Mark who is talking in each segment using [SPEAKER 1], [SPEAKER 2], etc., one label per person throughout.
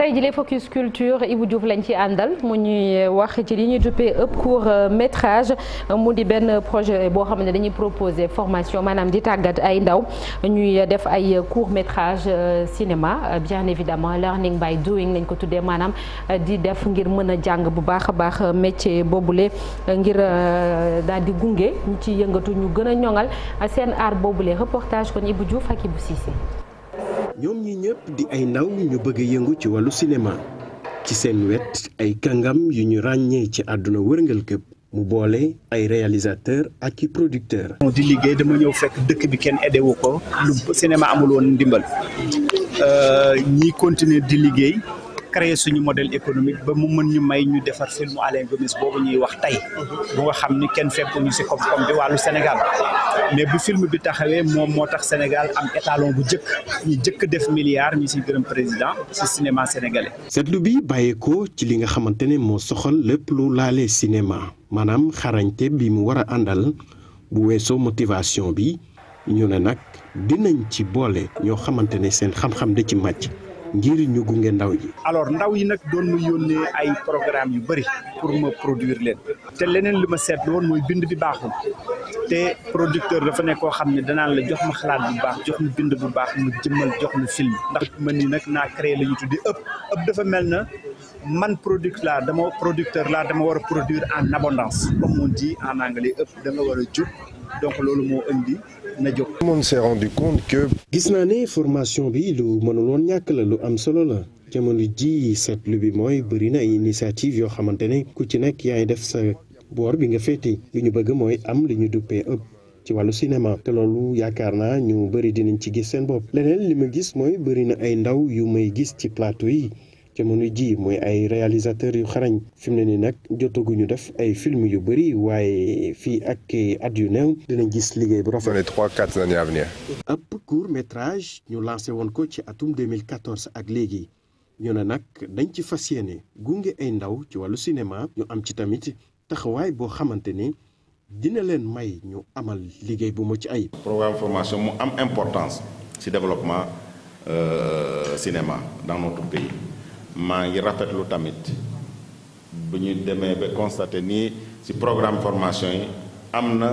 [SPEAKER 1] tey jii focus culture Ibou Diouf lañ ci àndal mu ñuy euh, wax ci li ñuy duppee ëpp court euh, métrage mu di benn projet boo xam ne dañuy proposer formation maanaam di tàggat ay ndaw ñuy def ay court métrage euh, cinéma bien évidemment learning by doing lañ ko tuddee maanaam di def ngir mën a jàng bu baax a baax métier boobule ngir daal di gunge ñu ci yëngatu ñu gën a ñoŋal seen art boobule reportage kon Ibou Diouf ak Ibou Cissé
[SPEAKER 2] ñoom ñi ñëpp di ay ndaw ñu bëgg a yëngu ci wàllu cinéma ci seen wet ay kàngam yu ñu ràññee ci àdduna wërngal këpp mu boole ay réalisateur ak
[SPEAKER 3] i producteur di liggéey dama ñëw fekk dëkk bi kenn aidé ko lu cinéma amul woon ndimbal euh, ñi continuer di liggéey créer suñu modèle économique ba mu mën ñu may ñu defar film Alain Gomis boobu ñuy wax tey bu xam ni kenn fekkuñu si koom-koom bi wàllu Sénégal mais bu film bi taxawee moom moo tax Sénégal am étalon bu jëkk ñu jëkk def milliard ñu si président si cinéma sénégalais.
[SPEAKER 2] seetlu bi bàyyeekoo ci li nga xamante ne moo soxal lépp lu laalee cinéma maanaam xarañte bi mu war a àndal bu weesoo motivation bi ñu ne nag dinañ ci boole ñoo xamante ne seen xamxam xam ci màcc. ngir ñu gunge ndaw yi
[SPEAKER 3] alors ndaw yi nag doon mu yónnee ay programme yu bëri pour ma produire leen te leneen li ma seetlu woon mooy bind bi baaxul te producteur dafa nekk koo xam ne danaan la jox ma xalaat bu baax jox ma bind bu baax mu jëmmal jox ma film ndax man ni nag naa créé la ñu tuddi ëpp dafa mel na man product la dama producteur laa dama war a produire en abondance comme on dit en ëpp da nga war a jub donc loolu moo indi na jóg. on
[SPEAKER 2] s'est gis naa ne formation bi lu mënuloon ñàkk la lu am solo la jamono ji seetlu bi mooy bëri na ay initiative yoo xamante ne ku ci nekk yaay def sa boor bi nga féete yu ñu bëgg mooy am li ñu duppee ëpp. ci wàllu cinéma te loolu yaakaar naa ñu bëri dinañ ci gis seen bopp leneen li ma gis mooy bëri na ay ndaw yu may gis ci plateau yi jamono ji mooy ay réalisateur yu xarañ fi mu ne ni nag jotaguñu def ay film yu bëri waaye fii ak at yu néew dinañ gis liggéey bu rafet. dans
[SPEAKER 3] les trois quatre années à venir.
[SPEAKER 2] court métrage ñu lancé woon ko ci atum 2014 ak léegi ñu ne nag dañ ci fas yéene gunge ay ndaw ci wàllu cinéma ñu am ci tamit taxawaay boo xamante ni. dina leen may ñu amal liggéey bu mucc ayib. programme formation mu am importance ci développement euh, dans notre pays. maa ngi rafetlu tamit bu ñu demee ba constaté nii ci programme formation yi am na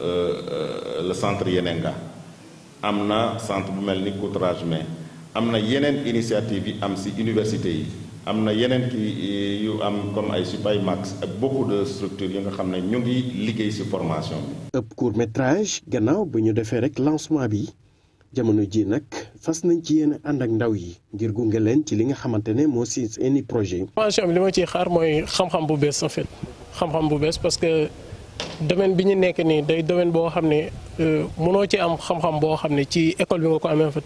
[SPEAKER 2] euh, le centre Yenenga am na centre bu mel ni Coutrage mais am na yeneen initiative yi am ci université yi am na yeneen ki yu am comme ay Supaymax ak beaucoup de structures yi nga xam ne ñu ngi liggéey ci formation bi. ëpp court métrage gannaaw bu ñu defee rek lancement bi. jamono ji nag fas nañ ci yéen ànd ak ndaw yi ngir gunge leen ci li nga xamante ne moo si seeni projet formation bi li ma ciy xaar mooy xam-xam bu bees en fait xam-xam bu bees parce que domaine bi ñu nekk nii day domaine boo xam ne euh, mënoo ci am xam-xam boo xam ne ci école bi nga ko amee en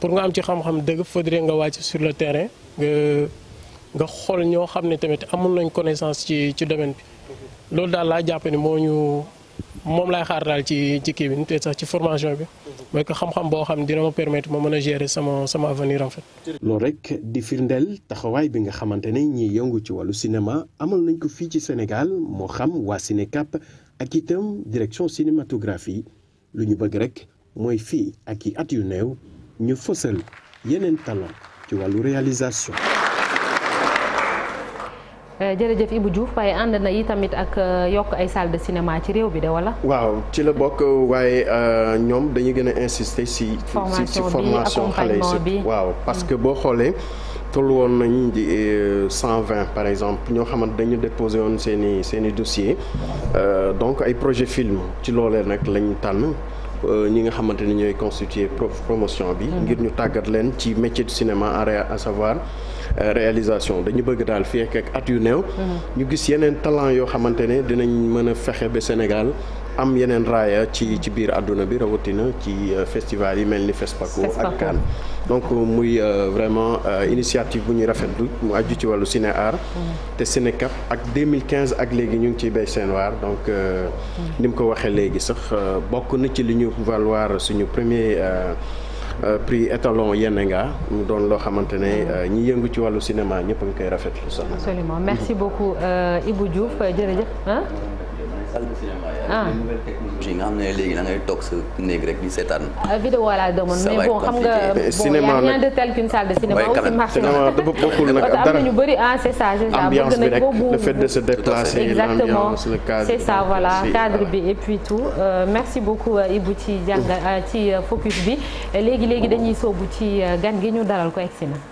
[SPEAKER 2] pour nga am ci xam-xam dëgg faudrait nga wàcc sur le terrain nga xool ñoo xam ne tamit amul nañ connaissance ci ci domaine bi loolu daal laa jàpp ne moo ñu moom laay xaar daal ci ci kii bi te sax ci formation bi mooy que xam-xam boo xam ne dina ma permettre ma mën a gérer sama sama avenir en fait. loolu rek di firndeel taxawaay bi nga xamante ne ñiy yëngu ci wàllu cinéma amal nañ ko fii ci Sénégal moo xam waa sine Cinécap ak itam direction cinématographie lu ñu bëgg rek mooy fii ak i at yu néew ñu fësal yeneen talent ci wàllu réalisation.
[SPEAKER 1] Eh, jërëjëf Ibou Diouf waaye ànd na yi tamit ak eh, yokk ay salle de cinéma ci réew bi de wala.
[SPEAKER 2] waaw ci la bokk waaye eh, ñoom dañuy gën a insister si. ci ci formation xale yi waaw parce mm. que boo xoolee. toll woon nañ di cent vingt par exemple ñoo xamante dañu déposé woon seen i seen i dossier donc ay projet film ci loolee nag lañ tànn ñi nga xamante ni ñooy constituer promotion bi mm. ngir ñu tàggat leen ci métier du cinéma à savoir réalisation dañu bëgg daal fii ak at yu néew. Mhm. ñu gis yeneen talent yoo xamante ne dinañ mën a fexe ba Sénégal. am yeneen raaya ci ci biir àdduna bi rawatina ci euh, festival yi mel ni FESPACO ak Cannes donc euh, muy euh, vraiment initiative bu ñuy rafetlu mu aju ci wàllu ciné art mhm. te Sénécap ak 2015 ak léegi ñu ngi ciy béy seen waar donc mhm. ni mu ko waxee léegi sax bokk na ci li ñu valoir suñu premier Euh, prix étalon Yenenga mu doon loo xamante ne euh, ñi yëngu ci wàllu cinéma ñëpp a ngi koy rafetlu sax.
[SPEAKER 1] absolument merci beaucoup euh, Ibou Diouf jërëjëf.
[SPEAKER 3] salle de cinéma ah nouvelle technologie nga xam ne léegi da ngay toog sa néeg rek di seetaan.
[SPEAKER 1] Euh, vidéo laa demoon mais bon xam nga bon y a rien de tel qu'une salle de cinéma aussi marché
[SPEAKER 3] dafa bokkul nag dara am na ñu
[SPEAKER 1] bëri ah c'est ça c'est ça ambiance bi rek le fait de se déplacer exactement c'est ça voilà cadre bi et puis tout euh, merci beaucoup euh, Ibou ci jàng ci focus bi léegi léegi dañuy soobu ci gan gi ñu dalal ko egsi na